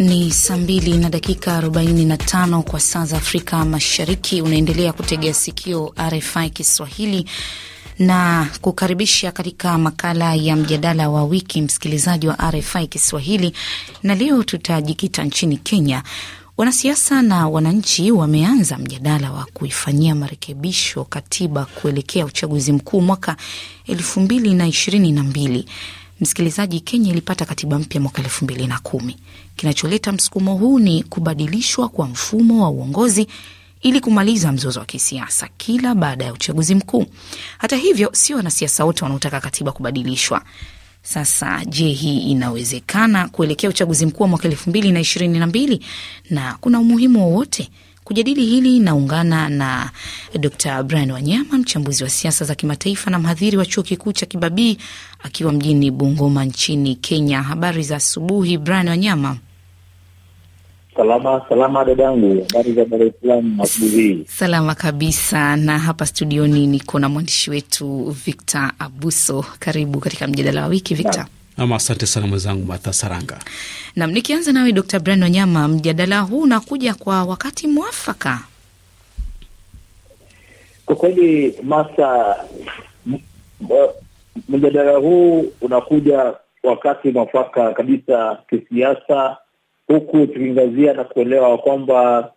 Ni saa 2 na dakika 45 kwa saa za Afrika Mashariki. Unaendelea kutegea sikio RFI Kiswahili na kukaribisha katika makala ya mjadala wa wiki, msikilizaji wa RFI Kiswahili, na leo tutajikita nchini Kenya. Wanasiasa na wananchi wameanza mjadala wa kuifanyia marekebisho katiba kuelekea uchaguzi mkuu mwaka elfu mbili na ishirini na mbili. Msikilizaji, Kenya ilipata katiba mpya mwaka elfu mbili na kumi. Kinacholeta msukumo huu ni kubadilishwa kwa mfumo wa uongozi ili kumaliza mzozo wa kisiasa kila baada ya uchaguzi mkuu. Hata hivyo, sio wanasiasa wote wanaotaka katiba kubadilishwa. Sasa je, hii inawezekana kuelekea uchaguzi mkuu wa mwaka elfu mbili na ishirini na mbili na kuna umuhimu wowote kujadili hili? Naungana na Dr Brian Wanyama, mchambuzi wa siasa za kimataifa na mhadhiri wa chuo kikuu cha Kibabii, akiwa mjini Bungoma nchini Kenya. Habari za asubuhi, Brian Wanyama. Salama salama, dadangu, habari za Dar es Salaam Salama kabisa, na hapa studioni niko na mwandishi wetu Victor Abuso. Karibu katika mjadala wa wiki Victor. Nam, asante sana mwenzangu Martha Saranga. Nam, nikianza nawe Dr. Brian Wanyama, mjadala huu unakuja kwa wakati mwafaka kwa kweli masa mjadala huu unakuja wakati mwafaka kabisa kisiasa huku tukiangazia na kuelewa kwamba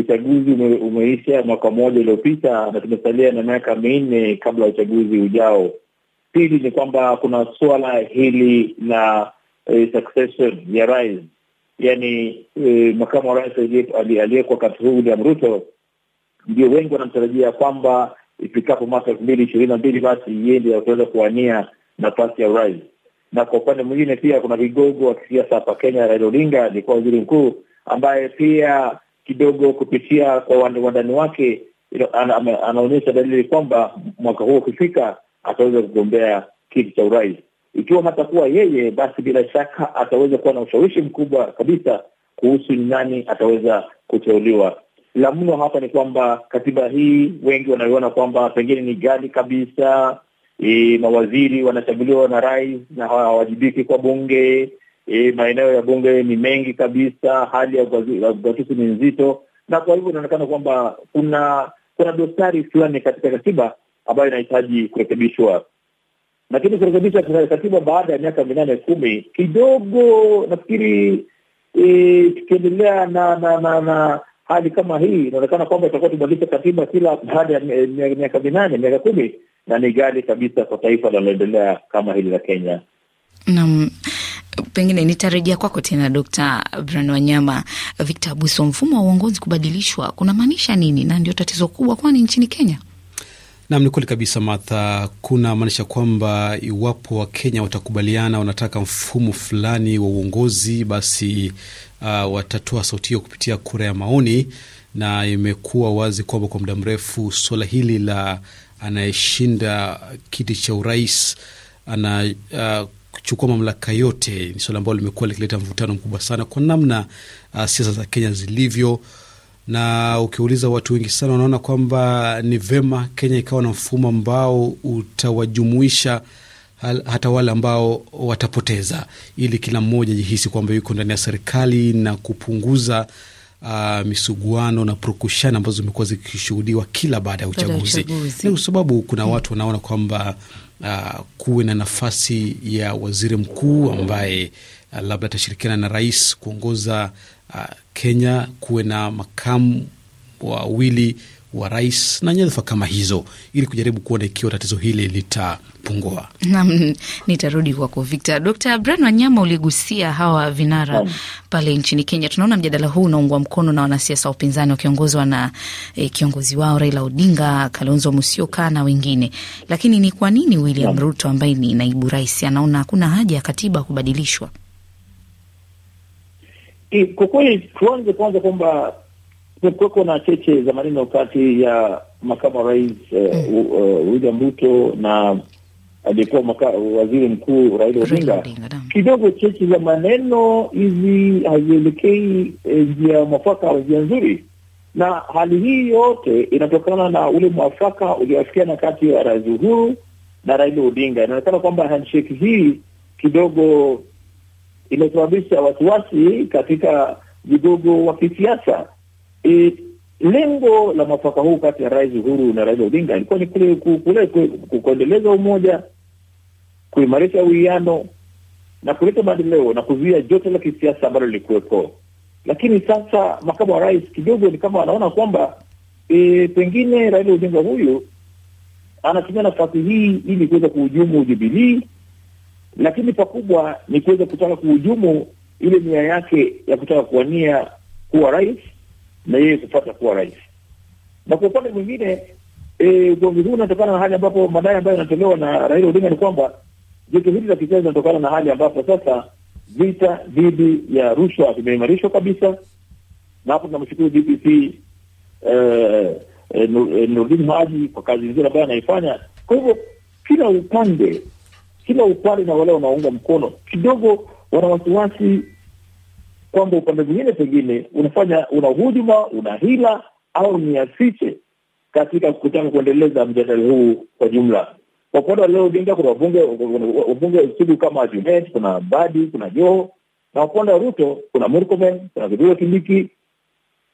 uchaguzi ume, umeisha mwaka mmoja uliopita na tumesalia na miaka minne kabla ya uchaguzi ujao. Pili ni kwamba kuna suala hili la eh, succession ya rais, yaani eh, makamu wa rais aliyekuwa wakati huu William Ruto ndio wengi wanamtarajia kwamba ifikapo mwaka elfu mbili ishirini na mbili basi yeye ndio ataweza kuwania nafasi ya urais na kwa upande mwingine pia kuna vigogo wa kisiasa hapa Kenya. Raila Odinga alikuwa waziri mkuu ambaye pia kidogo kupitia kwa wandani wake anaonyesha dalili kwamba mwaka huo ukifika ataweza kugombea kiti cha urais. Ikiwa hatakuwa yeye, basi bila shaka ataweza kuwa na ushawishi mkubwa kabisa kuhusu nani ataweza kuteuliwa. La mno hapa ni kwamba katiba hii wengi wanaiona kwamba pengine ni gali kabisa e, mawaziri wanachaguliwa na rais na hawawajibiki kwa bunge e, maeneo ya bunge ni mengi kabisa, hali ya ugatusi ni nzito, na kwa hivyo inaonekana kwamba kuna kuna dosari fulani katika katiba ambayo inahitaji kurekebishwa lakini kurekebisha katiba baada ya miaka minane kumi kidogo nafikiri e, tukiendelea na na, na na hali kama hii inaonekana kwamba itakuwa tubadilisha katiba kila baada ya miaka minane miaka kumi na ni gari kabisa kwa taifa linaloendelea kama hili la Kenya. Naam, pengine nitarejea kwako tena, Dokta Brian Wanyama. Victor Abuso, mfumo wa uongozi kubadilishwa kunamaanisha nini, na ndio tatizo kubwa kwani nchini Kenya? Nam, ni kweli kabisa Martha. Kuna maanisha kwamba iwapo Wakenya watakubaliana wanataka mfumo fulani wa uongozi, basi uh, watatoa sauti hiyo kupitia kura ya maoni, na imekuwa wazi kwamba kwa muda mrefu suala hili la anayeshinda kiti cha urais ana uh, kuchukua mamlaka yote. Ni swala ambalo limekuwa likileta mvutano mkubwa sana kwa namna uh, siasa za Kenya zilivyo, na ukiuliza watu wengi sana wanaona kwamba ni vema Kenya ikawa na mfumo ambao utawajumuisha hata wale ambao watapoteza, ili kila mmoja jihisi kwamba yuko ndani ya serikali na kupunguza uh, misuguano na prokushani ambazo zimekuwa zikishuhudiwa kila baada ya uchaguzi. Ni kwa sababu kuna watu wanaona kwamba uh, kuwe na nafasi ya waziri mkuu ambaye uh, labda atashirikiana na rais kuongoza uh, Kenya, kuwe na makamu wawili wa rais na nyadhifa kama hizo, ili kujaribu kuona ikiwa tatizo hili litapungua. Nam, nitarudi kwako Victor. Dr Brian Wanyama, uligusia hawa vinara pale nchini Kenya. Tunaona mjadala huu unaungwa mkono na wanasiasa wa upinzani wakiongozwa na eh, kiongozi wao Raila Odinga, Kalonzo Musyoka na wengine, lakini ni kwa nini William Nam. Ruto ambaye ni naibu rais anaona hakuna haja ya katiba kubadilishwa? Eh, kwa kweli tuanze kwanza kwamba kumekuweko na cheche za maneno kati ya makamu wa rais eh, uh, William Ruto na aliyekuwa waziri mkuu Raila Odinga. Kidogo cheche za maneno hizi hazielekei eh, njia mwafaka au njia nzuri, na hali hii yote inatokana na ule mwafaka uliowafikiana kati ya rais Uhuru na Raila Odinga. Inaonekana kwamba handshake hii kidogo imesababisha wasiwasi katika vigogo wa kisiasa e, lengo la mwafaka huu kati ya Rais Uhuru na Rais Odinga ilikuwa ni kule kule kuendeleza umoja, kuimarisha uwiano na kuleta maendeleo na kuzuia joto la kisiasa ambalo lilikuwepo. Lakini sasa makamu wa rais kidogo ni kama wanaona kwamba e, pengine Raila Odinga huyu anatumia nafasi hii ili kuweza kuhujumu Jubilii, lakini pakubwa ni kuweza kutaka kuhujumu ile nia yake ya kutaka kuwania kuwa rais na yeye kupata kuwa rais. Na kwa upande mwingine eh, ugomvi huu unatokana na hali ambapo madai ambayo yanatolewa na Raila Odinga ni kwamba joto hili la kisiasa linatokana na hali ambapo sasa vita dhidi ya rushwa vimeimarishwa kabisa, na hapo tunamshukuru DPP eh, eh, e, Nurdin Haji kwa kazi nzuri ambayo anaifanya. Kwa hivyo kila upande kila upande na wale wanaunga mkono kidogo wana wasiwasi kwamba upande mwingine pengine unafanya una hujuma, una hila au niafiche katika kutaka kuendeleza mjadala huu kwa jumla. Kwa upande leo Raila kuna wabunge sugu kama Junet, kuna Badi, kuna Joho, na upande Ruto kuna Murkomen, kuna Kithure Kindiki.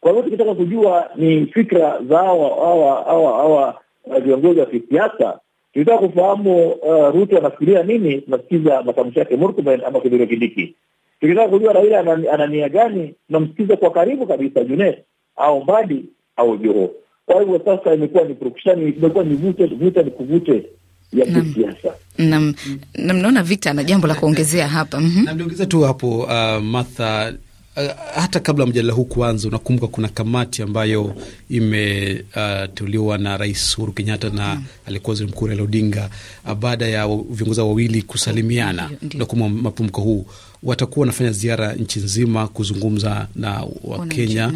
Kwa hiyo tukitaka kujua ni fikra za hawa eh, viongozi wa kisiasa, tukitaka kufahamu uh, Ruto anafikiria nini, tunasikiza matamshi yake Murkomen ama Kithure Kindiki. Tukitaka kujua Raila ana nia gani, namsikiza kwa karibu kabisa Junet au Mbadi au Joho. Kwa hivyo sasa imekuwa ni purukushani, imekuwa ni vute vute ni kuvute ya kisiasa. Naam, naona Victor ana jambo la kuongezea hapa. Mhm. Niongeze tu hapo, uh, Martha Eh, hata kabla mjadala huu kuanza, unakumbuka kuna kamati ambayo imeteuliwa ah, uh, na Rais Uhuru Kenyatta na mm. alikuwa waziri mkuu Raila Odinga ah, baada ya viongozi wawili kusalimiana na kuma mapumko huu, watakuwa wanafanya ziara nchi nzima kuzungumza na Wakenya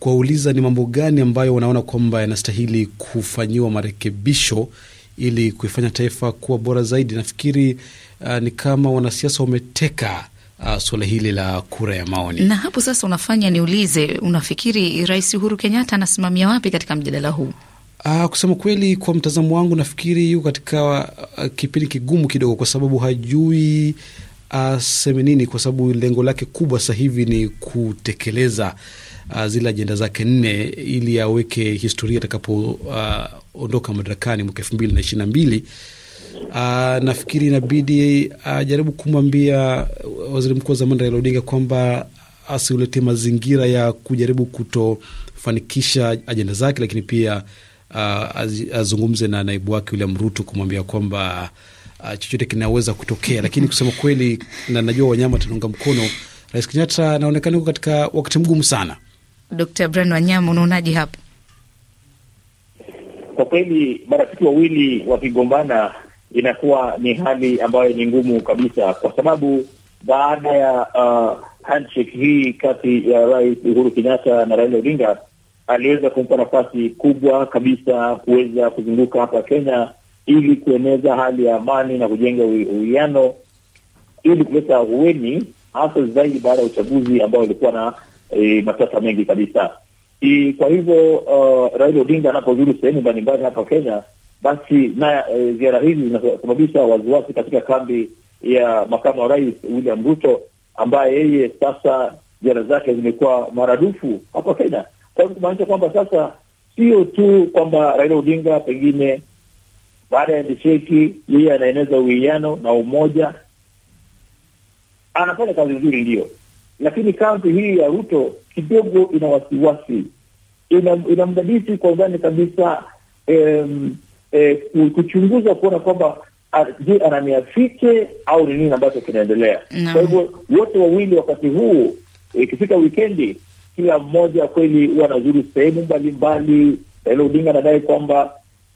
kuwauliza ni mambo gani ambayo wanaona kwamba yanastahili kufanyiwa marekebisho ili kuifanya taifa kuwa bora zaidi. Nafikiri uh, ni kama wanasiasa wameteka uh, suala hili la kura ya maoni. Na hapo sasa unafanya niulize, unafikiri Rais Uhuru Kenyatta anasimamia wapi katika mjadala huu? Uh, kusema kweli, kwa mtazamo wangu nafikiri yuko katika uh, kipindi kigumu kidogo, kwa sababu hajui aseme uh, nini, kwa sababu lengo lake kubwa sasa hivi ni kutekeleza uh, zile ajenda zake nne ili aweke historia atakapoondoka uh, madarakani mwaka elfu mbili na ishirini na mbili Aa, ah, nafikiri inabidi ajaribu ah, kumwambia waziri mkuu wa zamani Raila Odinga kwamba asiulete mazingira ya kujaribu kutofanikisha ajenda zake, lakini pia aa, ah, azungumze na naibu wake William Ruto kumwambia kwamba chochote kinaweza kutokea. Lakini kusema kweli, na najua wanyama tanaunga mkono Rais Kenyatta, anaonekana huko katika wakati mgumu sana. Brian Wanyama, unaonaje hapo? Kwa kweli marafiki wawili wakigombana inakuwa ni hali ambayo ni ngumu kabisa, kwa sababu baada ya uh, handshake hii kati ya Rais Uhuru Kenyatta na Raila Odinga aliweza kumpa nafasi kubwa kabisa kuweza kuzunguka hapa Kenya ili kueneza hali ya amani na kujenga uwiano ili kuleta ahueni hasa zaidi baada ya uchaguzi ambao ulikuwa na e, matata mengi kabisa. I, kwa hivyo uh, Raila Odinga anapozuru sehemu mbalimbali hapa Kenya basi na e, ziara hizi zinasababisha wasiwasi katika kambi ya makamu wa rais William Ruto ambaye yeye sasa ziara zake zimekuwa maradufu hapa Kenya, kwa kumaanisha kwamba sasa sio tu kwamba Raila Odinga pengine baada ya disheki yeye anaeneza uwiano na umoja, anafanya kazi nzuri ndio, lakini kambi hii ya Ruto kidogo ina wasiwasi, ina, ina mdadisi kwa undani kabisa em, eh, kuchunguza kuona kwamba ah, je, ananiafike au ni nini ambacho kinaendelea. Kwa hivyo wote wawili wakati huu ikifika eh, wikendi, kila mmoja kweli huwa anazuru sehemu mbalimbali. Raila Odinga anadai kwamba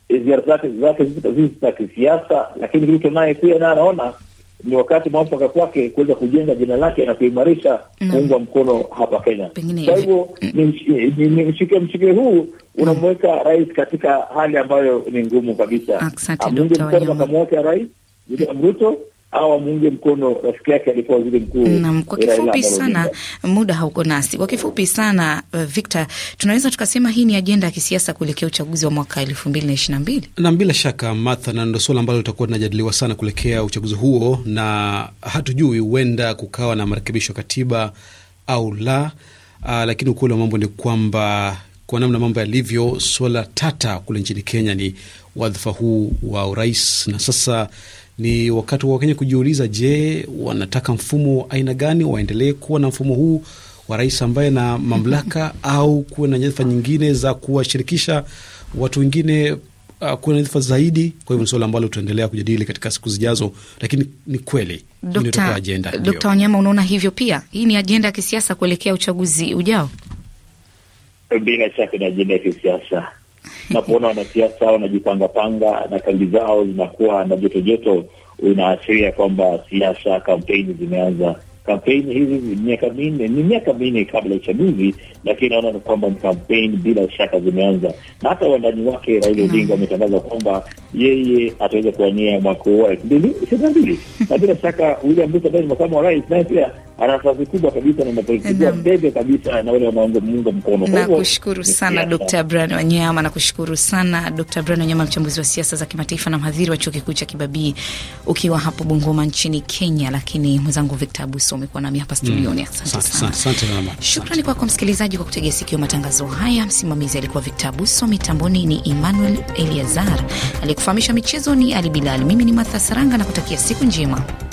eh, ziara zake zake zii za kisiasa, lakini kilicho naye pia naye anaona ni wakati mwafaka kwake kuweza kujenga jina lake na kuimarisha kuungwa mkono hapa Kenya. Kwa hivyo mm. mshike mshike huu unamweka rais katika hali ambayo ni ngumu kabisa. Mungu mkono akamweka rais William Ruto au amuunge mkono rafiki yake alikuwa waziri mkuu. Naam, kwa kifupi sana, muda hauko nasi. Kwa kifupi sana, uh, Victor, tunaweza tukasema hii ni ajenda ya kisiasa kuelekea uchaguzi wa mwaka elfu mbili na ishirini na mbili nam, bila shaka Martha, na ndo suala ambalo litakuwa linajadiliwa sana kuelekea uchaguzi huo, na hatujui huenda kukawa na marekebisho ya katiba au la. Uh, lakini ukweli wa mambo ni kwamba kwa namna mambo yalivyo, suala tata kule nchini Kenya ni wadhifa huu wa urais, na sasa ni wakati wa Wakenya kujiuliza, je, wanataka mfumo wa aina gani? Waendelee kuwa na mfumo huu wa rais ambaye na mamlaka au kuwe na nyadhifa nyingine za kuwashirikisha watu wengine Uh, na nyadhifa zaidi. Kwa hivyo ni suala ambalo tutaendelea kujadili katika siku zijazo, lakini ni kweli ajenda. Dkt. Wanyama, unaona hivyo pia? Hii ni ajenda ya kisiasa kuelekea uchaguzi ujao, bila shaka ni ajenda ya kisiasa napoona wanasiasa wanajipangapanga na kambi zao zinakuwa na jotojoto, inaashiria kwamba siasa, kampeni zimeanza. Kampeni hizi miaka minne ni miaka minne kabla ya uchaguzi, lakini naona kwamba ni kampeni bila shaka zimeanza, na hata wandani wake Raila Odinga wametangaza kwamba yeye ataweza kuwania mwaka huu wa elfu mbili ishirini na mbili na bila shaka William Ruto ambaye ni makamu wa rais naye pia ana nafasi kubwa kabisa na inapoipigia debe kabisa na wale wanaunga mkono. Nakushukuru sana Dr. Brian Wanyama, nakushukuru sana Dr. Brian Wanyama, mchambuzi wa siasa za kimataifa na mhadhiri wa chuo kikuu cha Kibabii, ukiwa hapo Bungoma nchini Kenya. Lakini mwenzangu Victor Abuso umekuwa nami hapa studioni. Mm. Asante sana, asante mama. Shukrani kwako msikilizaji kwa kutegea sikio matangazo haya. Msimamizi alikuwa Victor Abuso, mitamboni ni Emmanuel Eliazar, aliyekufahamisha michezo ni Ali Bilal. Mimi ni Martha Saranga na kutakia siku njema.